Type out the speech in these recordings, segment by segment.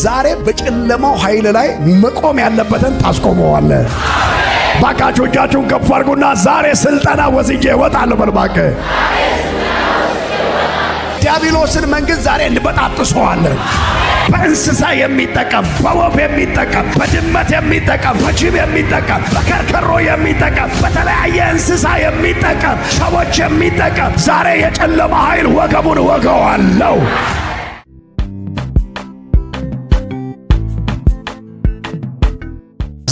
ዛሬ በጨለማው ኃይል ላይ መቆም ያለበትን ታስቆመዋለ። ባካችሁ እጃችሁን ከፍ አድርጉና ዛሬ ስልጠና ወስጄ እወጣለሁ በል ዲያብሎስን መንግሥት ዛሬ እንበጣጥሰዋለን። በእንስሳ የሚጠቀም በወፍ የሚጠቀም በድመት የሚጠቀም በጅብ የሚጠቀም በከርከሮ የሚጠቀም በተለያየ እንስሳ የሚጠቀም ሰዎች የሚጠቀም ዛሬ የጨለማ ኃይል ወገቡን ወገዋለሁ።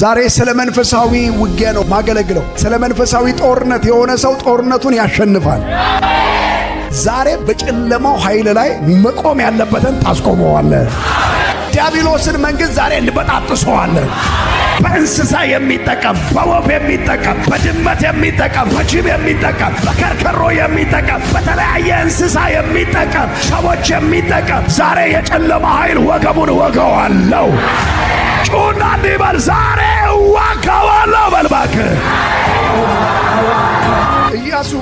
ዛሬ ስለ መንፈሳዊ ውጊያ ነው ማገለግለው። ስለ መንፈሳዊ ጦርነት የሆነ ሰው ጦርነቱን ያሸንፋል። ዛሬ በጨለማው ኃይል ላይ መቆም ያለበትን ታስቆመዋለህ። ዲያብሎስን መንግሥት ዛሬ እንበጣጥሰዋለን። በእንስሳ የሚጠቀም በወፍ የሚጠቀም በድመት የሚጠቀም በጅብ የሚጠቀም በከርከሮ የሚጠቀም በተለያየ እንስሳ የሚጠቀም ሰዎች የሚጠቀም ዛሬ የጨለማ ኃይል ወገቡን ወገዋለሁ። ጩና እንዲበል ዛሬ እዋጋዋለሁ በል እባክህ። ኢያሱ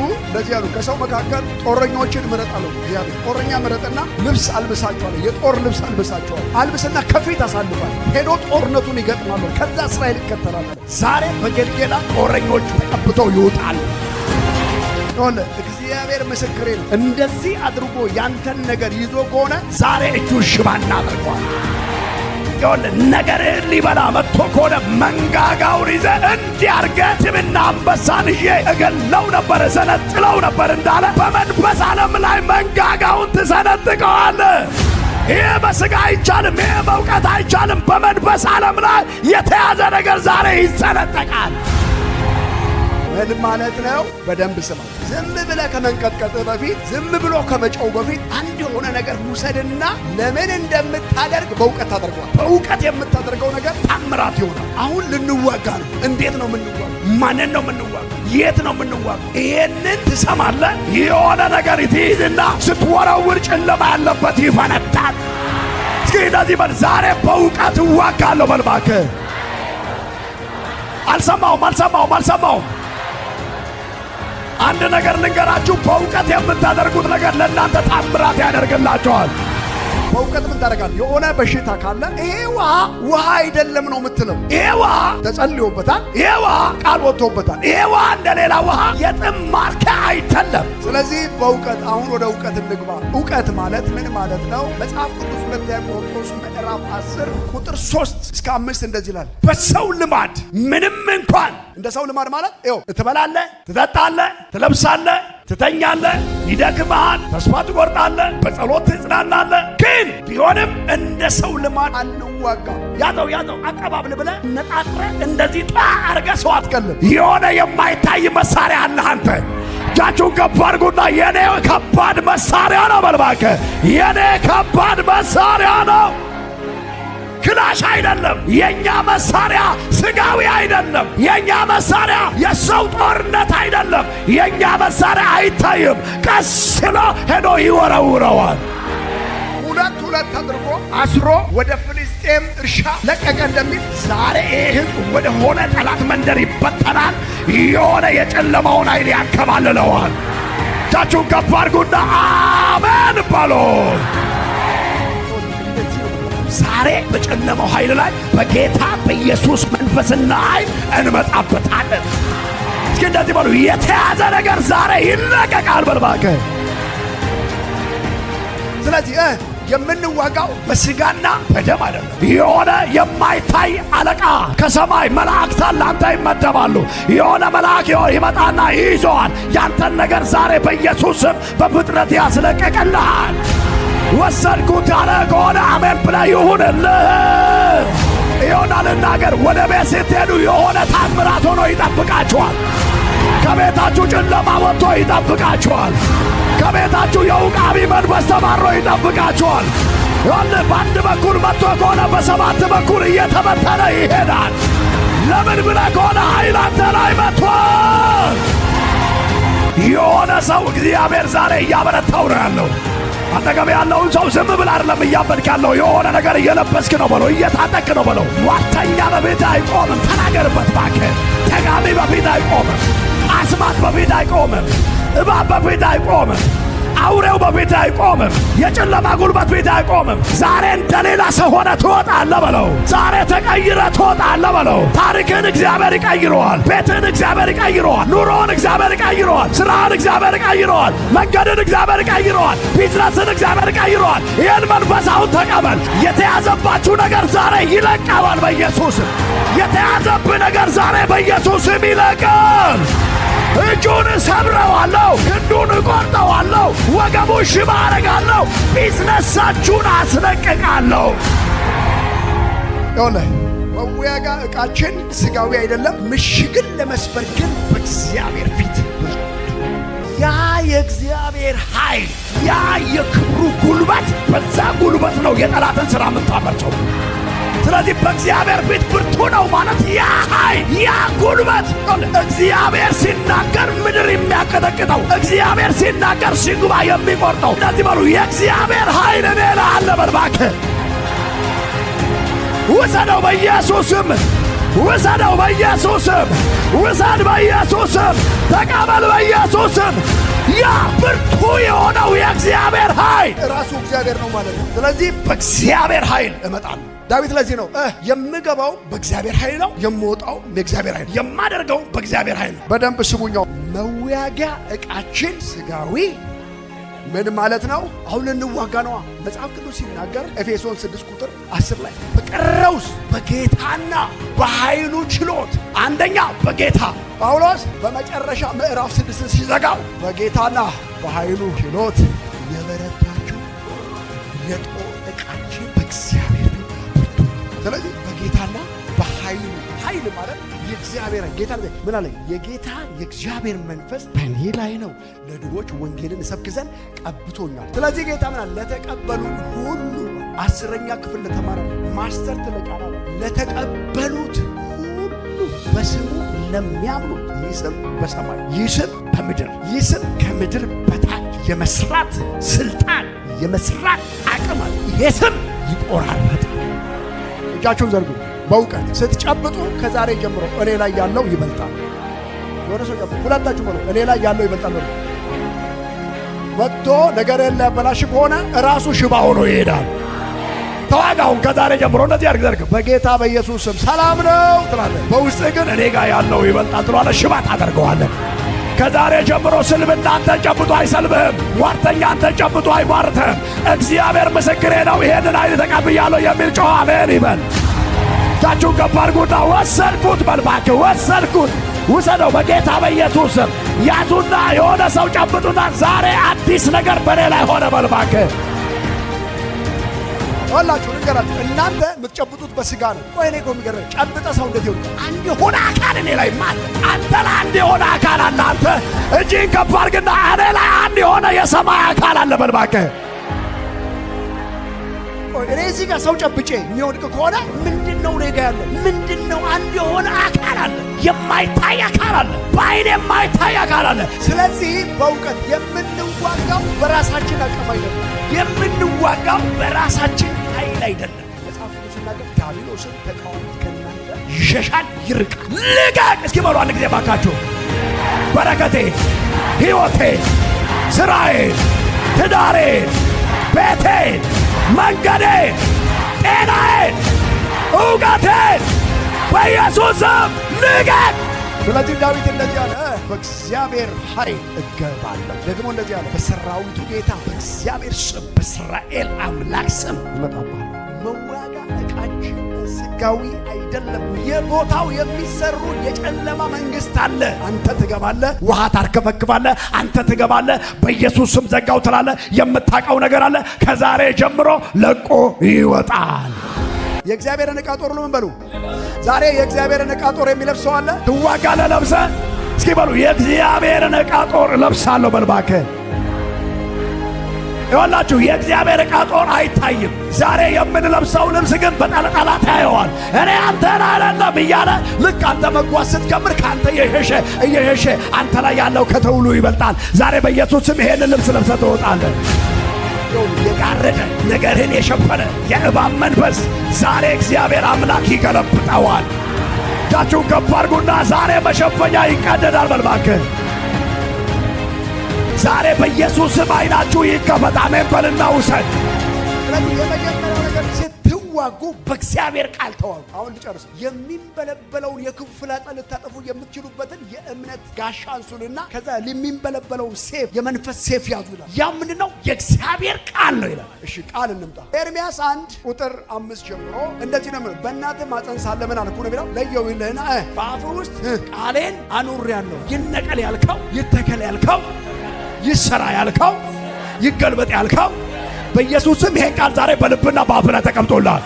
ያሉ ከሰው መካከል ጦረኞችን ምረጥ አለው። ያሉ ጦረኛ ምረጥና ልብስ አልብሳቸዋል፣ የጦር ልብስ አልብሳቸዋል። አልብስና ከፊት አሳልፋል። ሄዶ ጦርነቱን ይገጥማሉ። ከዛ እስራኤል ይከተላል። ዛሬ በጌልጌላ ጦረኞቹ ተቀብተው ይውጣል። ሆነ እግዚአብሔር ምስክሬ ነው። እንደዚህ አድርጎ ያንተን ነገር ይዞ ከሆነ ዛሬ እጁ ሽባ እናደርገዋል። ይሆን ነገርህን ሊበላ መጥቶ ከሆነ መንጋጋውን ይዘ እንዲያርገ አርገ አንበሳን ይዤ እገለው ነበር እሰነጥለው ነበር እንዳለ በመንፈስ ዓለም ላይ መንጋጋውን ትሰነጥቀዋል ይህ በስጋ አይቻልም። ይህ በእውቀት አይቻልም። በመንፈስ ዓለም ላይ የተያዘ ነገር ዛሬ ይሰነጠቃል። ምን ማለት ነው? በደንብ ስማ። ዝም ብለ ከመንቀጥቀጥ በፊት ዝም ብሎ ከመጨው በፊት አንድ የሆነ ነገር ውሰድና ለምን እንደምታደርግ በእውቀት ታደርገዋል። በእውቀት የምታደርገው ነገር ታምራት ይሆናል። አሁን ልንዋጋ ነው። እንዴት ነው የምንዋጋ? ማንን ነው የምንዋጋ? የት ነው የምንዋጋ? ይሄንን ትሰማለ። የሆነ ነገር ትይዝና ስትወረውር ጨለማ ያለበት ይፈነዳል። እስኪ እንደዚህ በል፣ ዛሬ በእውቀት እዋጋለሁ። በልባክ አልሰማውም፣ አልሰማውም፣ አልሰማውም አንድ ነገር ልንገራችሁ፣ በእውቀት የምታደርጉት ነገር ለእናንተ ታምራት ያደርግላችኋል። በእውቀት ምን ታደርጋለህ? የሆነ በሽታ ካለ ይሄዋ ውሃ አይደለም ነው የምትለው። ይሄዋ ተጸልዮበታል፣ ይሄዋ ቃል ወጥቶበታል። ይሄዋ ውሃ እንደ ሌላ ውሃ የጥም ማርኪያ አይደለም። ስለዚህ በእውቀት አሁን ወደ እውቀት እንግባ። እውቀት ማለት ምን ማለት ነው? መጽሐፍ ቅዱስ ሁለተኛ ቆሮንቶስ ምዕራፍ 10 ቁጥር 3 እስከ አምስት እንደዚህ ይላል። በሰው ልማድ ምንም እንኳን እንደ ሰው ልማድ ማለት ይኸው ትበላለህ፣ ትጠጣለህ፣ ትለብሳለህ ትተኛለ፣ ይደክመሃል፣ ተስፋ ትቆርጣለህ፣ በጸሎት ትጽናናለ። ግን ቢሆንም እንደ ሰው ልማድ አንዋጋ። ያዘው ያዘው አቀባብል ብለ ነጣጥረ እንደዚህ ጣ አርገ ሰው አትገልም። የሆነ የማይታይ መሳሪያ አለ አንተ። እጃችሁን ከፍ አድርጉና የኔ ከባድ መሳሪያ ነው መልባከ የኔ ከባድ መሳሪያ ነው ክላሽ አይደለም። የእኛ መሳሪያ ስጋዊ አይደለም። የእኛ መሳሪያ የሰው ጦርነት አይደለም። የእኛ መሳሪያ አይታይም። ቀስ ብሎ ሄዶ ይወረውረዋል። ሁለት ሁለት አድርጎ አስሮ ወደ ፍልስጤም እርሻ ለቀቀ እንደሚል ዛሬ ይህ ህዝብ ወደ ሆነ ጠላት መንደር ይበጠናል። የሆነ የጨለማውን ኃይል ያከባልለዋል። እጃችሁን ከፍ አድርጉና አሜን በሎ ዛሬ በጨለመው ኃይል ላይ በጌታ በኢየሱስ መንፈስና ኃይል እንመጣበታለን። እስኪ እንደዚህ በሉ፣ የተያዘ ነገር ዛሬ ይለቀቃል። በልባከ ስለዚህ የምንዋጋው በስጋና በደም አይደለም። የሆነ የማይታይ አለቃ ከሰማይ መላእክት ለአንተ ይመደባሉ። የሆነ መልአክ ይመጣና ይይዘዋል። ያንተን ነገር ዛሬ በኢየሱስ ስም በፍጥነት ያስለቀቅልሃል። ወሰድኩት ያለ ከሆነ አሜን ብለህ ይሁንልህ። ይሆና እናገር። ወደ ቤት ስትሄዱ የሆነ ታምራት ሆኖ ይጠብቃችኋል። ከቤታችሁ ጨለማ ወጥቶ ይጠብቃችኋል። ከቤታችሁ የውቃቢ መንፈስ ተባሮ ይጠብቃችኋል። ሆን በአንድ በኩል መጥቶ ከሆነ በሰባት በኩል እየተበተነ ይሄዳል። ለምን ብለ ከሆነ ኃይል አንተ ላይ መጥቷል። የሆነ ሰው እግዚአብሔር ዛሬ እያበረታው ነው ያለው አጠገብ ያለውን ሰው ዝም ብላ አይደለም እያበድክ ያለው የሆነ ነገር እየለበስክ ነው በለው፣ እየታጠቅ ነው በለው። ሟርተኛ በቤት አይቆምም፣ ተናገርበት ባክህ። ተጋሚ በፊት አይቆምም፣ አስማት በፊት አይቆምም፣ እባብ በፊት አይቆምም። አውሬው በቤት አይቆምም። የጨለማ ጉልበት ቤት አይቆምም። ዛሬ እንደሌላ ሰው ሆነ ትወጣለ በለው። ዛሬ ተቀይረ ትወጣለ በለው። ታሪክን እግዚአብሔር ይቀይረዋል። ቤትን እግዚአብሔር ይቀይረዋል። ኑሮን እግዚአብሔር ይቀይረዋል። ስራን እግዚአብሔር ይቀይረዋል። መንገድን እግዚአብሔር ይቀይረዋል። ቢዝነስን እግዚአብሔር ይቀይረዋል። ይህን መንፈስ አሁን ተቀበል። የተያዘባችሁ ነገር ዛሬ ይለቀባል በኢየሱስም የተያዘብ ነገር ዛሬ በኢየሱስም ይለቀል። እጁን ሰብረዋለሁ፣ ክንዱን እቆርጠዋለሁ፣ ወገቡ ሽባ አረጋለሁ፣ ቢዝነሳችሁን አስለቅቃለሁ። ሆነ መወያ ጋር እቃችን ስጋዊ አይደለም። ምሽግን ለመስበር ግን በእግዚአብሔር ፊት ያ የእግዚአብሔር ኃይል ያ የክብሩ ጉልበት፣ በዛ ጉልበት ነው የጠላትን ሥራ የምታፈርሰው። ስለዚህ በእግዚአብሔር ፊት ብርቱ ነው ማለት ያ ኃይል ያ ጉልበት እግዚአብሔር ሲናገር ምድር የሚያቀጠቅጠው እግዚአብሔር ሲናገር ሽጉባ የሚቆርጠው እንደዚህ በሉ የእግዚአብሔር ኃይል እኔ ላይ አለ። በርባክ ውሰደው በኢየሱስም ውሰደው በኢየሱስም ውሰድ በኢየሱስም ተቀበል በኢየሱስም ያ ብርቱ የሆነው የእግዚአብሔር ኃይል ራሱ እግዚአብሔር ነው ማለት ነው። ስለዚህ በእግዚአብሔር ኃይል እመጣለሁ። ዳዊት ለዚህ ነው የምገባው በእግዚአብሔር ኃይል ነው፣ የምወጣው በእግዚአብሔር ኃይል፣ የማደርገው በእግዚአብሔር ኃይል ነው። በደንብ ስቡኛው መዋጊያ እቃችን ስጋዊ ምን ማለት ነው? አሁን ልንዋጋ ነዋ። መጽሐፍ ቅዱስ ሲናገር ኤፌሶን 6 ቁጥር 10 ላይ በቀረውስ በጌታና በኃይሉ ችሎት፣ አንደኛ በጌታ ጳውሎስ በመጨረሻ ምዕራፍ 6 ሲዘጋው በጌታና በኃይሉ ችሎት የበረታችሁ የጦር እቃችን ስለዚህ በጌታና በኃይሉ ኃይል ማለት የእግዚአብሔር ጌታ ምን አለ? የጌታ የእግዚአብሔር መንፈስ በእኔ ላይ ነው፣ ለድሆች ወንጌልን እሰብክ ዘንድ ቀብቶኛል። ስለዚህ ጌታ ምን አለ? ለተቀበሉ ሁሉ አስረኛ ክፍል ለተማረ ማስተር ትለቃ ለተቀበሉት ሁሉ በስሙ ለሚያምኑት ይህ ስም በሰማይ ይህ ስም በምድር ይህ ስም ከምድር በታች የመስራት ስልጣን የመስራት አቅም አለ። ይሄ ስም ይቆራል። እጃችሁን ዘርጉ በእውቀት ስትጨብጡ ከዛሬ ጀምሮ እኔ ላይ ያለው ይበልጣል። የሆነ ሰው ጨብጡ። ሁለታችሁ በሉ እኔ ላይ ያለው ይበልጣል በሉ። ወጥቶ ነገር ሊያበላሽ ከሆነ ራሱ ሽባ ሆኖ ይሄዳል። ተዋጋውን ከዛሬ ጀምሮ እንደዚህ አድርግ ዘርግ። በጌታ በኢየሱስ ስም ሰላም ነው ትላለህ፣ በውስጥ ግን እኔ ጋር ያለው ይበልጣል ትለዋለህ። ሽባ ታደርገዋለህ። ከዛሬ ጀምሮ ስልብና አንተን ጨብጦ አይሰልብህም። ሟርተኛ አንተን ጨብጦ አይሟርትህም። እግዚአብሔር ምስክሬ ነው፣ ይሄንን ኃይል ተቀብያለሁ የሚል ጮኸ አሜን ይበል። ታችሁን ከፍ አድርጉና ወሰድኩት በልባክ ወሰድኩት ውሰደው በጌታ በኢየሱስ ስም ያዙና የሆነ ሰው ጨብጡና ዛሬ አዲስ ነገር በኔ ላይ ሆነ በልባክ ዋላችሁ ልንገራችሁ፣ እናንተ የምትጨብጡት በስጋ ነው። ቆይ እኔ እኮ የሚገርመኝ ጨብጠ ሰው እንዴት ይሆን? አንድ የሆነ አካል እኔ ላይ ማለት አንተ ላይ አንድ የሆነ አካል አለ። አንተ እጅህን ከፍ አድርግና እኔ ላይ አንድ የሆነ የሰማይ አካል አለ በል እባክህ። እኔ እዚህ ጋር ሰው ጨብጬ የሚወድቅ ከሆነ ምንድን ነው እኔ ጋ ያለ? ምንድን ነው? አንድ የሆነ አካል አለ፣ የማይታይ አካል አለ፣ በአይን የማይታይ አካል አለ። ስለዚህ በእውቀት የምንዋጋው በራሳችን አቅም አይደለም፣ የምንዋጋው በራሳችን ኃይል አይደለም። ዲያብሎስን ተቃዋሚ ከእናንተ ይሸሻል፣ ይርቃል። ልቀቅ! እስኪ በሉ አንድ ጊዜ ባካችሁ። በረከቴ፣ ሕይወቴ፣ ስራዬ፣ ትዳሬ፣ ቤቴ፣ መንገዴ፣ ጤናዬ፣ እውቀቴ በኢየሱስ ስም ልቀቅ! ስለዚህ ዳዊት እንደዚህ አለ በእግዚአብሔር ኃይል እገባለሁ። ደግሞ እንደዚህ ያለ በሰራዊቱ ጌታ በእግዚአብሔር ስም በእስራኤል አምላክ ስም እመጣባለሁ። መዋጋ ዕቃችን ስጋዊ አይደለም። የቦታው የሚሰሩ የጨለማ መንግስት አለ። አንተ ትገባለ፣ ውሃ ታርከፈክፋለህ። አንተ ትገባለ፣ በኢየሱስ ስም ዘጋው ትላለ። የምታውቀው ነገር አለ። ከዛሬ ጀምሮ ለቆ ይወጣል። የእግዚአብሔርን ዕቃ ጦር ነው ምን በሉ። ዛሬ የእግዚአብሔርን ዕቃ ጦር የሚለብሰው አለ። ትዋጋለህ ለብሰህ እስኪ በሉ የእግዚአብሔርን ዕቃ ጦር እለብሳለሁ በልባከ ይወላችሁ የእግዚአብሔር ዕቃ ጦር አይታይም። ዛሬ የምንለብሰው ልብስ ግን በጠላጠላት ያየዋል። እኔ አንተን አይደለም እያለ ልክ አንተ መጓዝ ስትጀምር ከአንተ እየሸሸ እየሸሸ አንተ ላይ ያለው ከተውሉ ይበልጣል። ዛሬ በኢየሱስም ይሄን ልብስ ለብሰ ትወጣለን። የጋረደ ነገርህን የሸፈነ የእባብ መንፈስ ዛሬ እግዚአብሔር አምላክ ይገለብጠዋል። እጃችሁን ከፍ አድርጉና ዛሬ መሸፈኛ ይቀደዳል በል ዛሬ በኢየሱስ ስም አይናችሁ ይከፈት። አሜን በልና ውሰድ። ስትዋጉ በእግዚአብሔር ቃል ተዋጉ። አሁን ልጨርስ። የሚንበለበለውን የክፉ ፍላጻ ልታጠፉ የምትችሉበትን የእምነት ጋሻ አንሱንና ከዛ የሚንበለበለውን ሴፍ የመንፈስ ሴፍ ያዙ ይላል። ያ ምንድነው? የእግዚአብሔር ቃል ነው ይላል። እሺ ቃል እንምጣ። ኤርሚያስ አንድ ቁጥር አምስት ጀምሮ እንደዚህ ነው። በእናት ማፀን ሳለ ምን አልኩ ነው የሚለው ለየው በአፍ ውስጥ ቃሌን አኑሬያለሁ። ይነቀል ያልከው ይተከል ያልከው ይሰራ ያልከው ይገልበጥ ያልከው በኢየሱስም ይሄ ቃል ዛሬ በልብና በአፍነት ተቀምጦላል።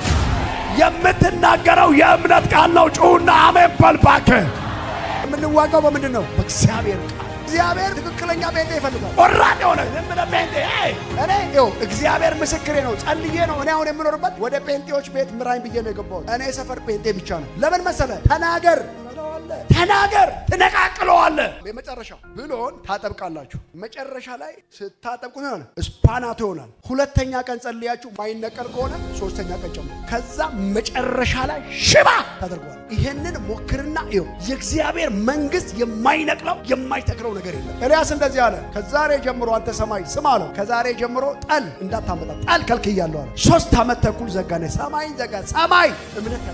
የምትናገረው የእምነት ቃል ነው። ጩውና አሜን በል እባክህ። የምንዋጋው በምንድን ነው? በእግዚአብሔር ቃል። እግዚአብሔር ትክክለኛ ጴንጤ ይፈልጋል። ወራድ የሆነ ዝምለ ጴንጤ እኔ ይኸው እግዚአብሔር ምስክሬ ነው። ጸልዬ ነው እኔ አሁን የምኖርበት ወደ ጴንጤዎች ቤት ምራኝ ብዬ ነው የገባሁት። እኔ ሰፈር ጴንጤ ብቻ ነው። ለምን መሰለ ተናገር ተናገር ትነቃቅለዋለህ። የመጨረሻው ብሎን ታጠብቃላችሁ። መጨረሻ ላይ ስታጠብቁ ሆነ ስፓናቶ ይሆናል። ሁለተኛ ቀን ጸልያችሁ ማይነቀል ከሆነ ሶስተኛ ቀን ጨምሮ፣ ከዛ መጨረሻ ላይ ሽባ ታደርገዋል። ይህንን ሞክርና ይኸው የእግዚአብሔር መንግስት የማይነቅለው የማይተክለው ነገር የለም። ኤልያስ እንደዚህ አለ፣ ከዛሬ ጀምሮ አንተ ሰማይ ስም አለው፣ ከዛሬ ጀምሮ ጠል እንዳታመጣ ጠል ከልክያለሁ አለ። ሶስት ዓመት ተኩል ዘጋነ ሰማይን ዘጋ ሰማይ እምነት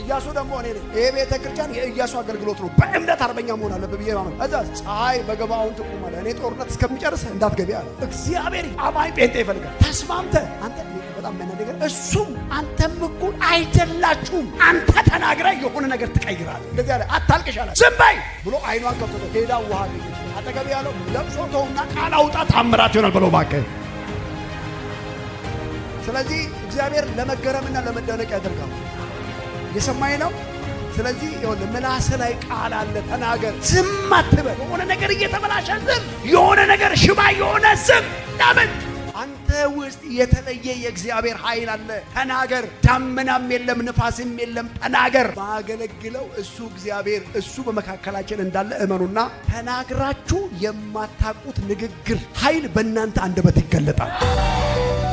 እያሱ ደግሞ እኔ ነኝ። ይሄ ቤተ ክርስቲያን የእያሱ አገልግሎት ነው። በእምነት አርበኛ መሆን አለብህ ብዬ ማመን። እዛ ፀሐይ በገባውን ትቁማለ እኔ ጦርነት እስከሚጨርስ እንዳትገቢ አለ። እግዚአብሔር አማኝ ጴንጤ ይፈልጋል። ተስማምተ አንተ በጣም ነገር እሱም አንተም እኩል አይደላችሁም። አንተ ተናግረ የሆነ ነገር ትቀይራል። እንደዚህ አለ፣ አታልቅሻለህ፣ ዝም በይ ብሎ አይኗን ከብቶ ሄዳ ውሃ አጠገብ ያለው ለብሶ ተውና ቃል አውጣ ታምራት ይሆናል ብሎ እባክህ ስለዚህ እግዚአብሔር ለመገረምና ለመደነቅ ያደርጋል። የሰማይ ነው። ስለዚህ ይኸውልህ ምላስ ላይ ቃል አለ። ተናገር፣ ዝም አትበል። የሆነ ነገር እየተበላሸ ዝም፣ የሆነ ነገር ሽባ የሆነ ዝም። ለምን? አንተ ውስጥ የተለየ የእግዚአብሔር ኃይል አለ። ተናገር። ዳመናም የለም ንፋስም የለም። ተናገር። ባገለግለው እሱ እግዚአብሔር እሱ በመካከላችን እንዳለ እመኑና ተናግራችሁ የማታውቁት ንግግር ኃይል በእናንተ አንደበት ይገለጣል።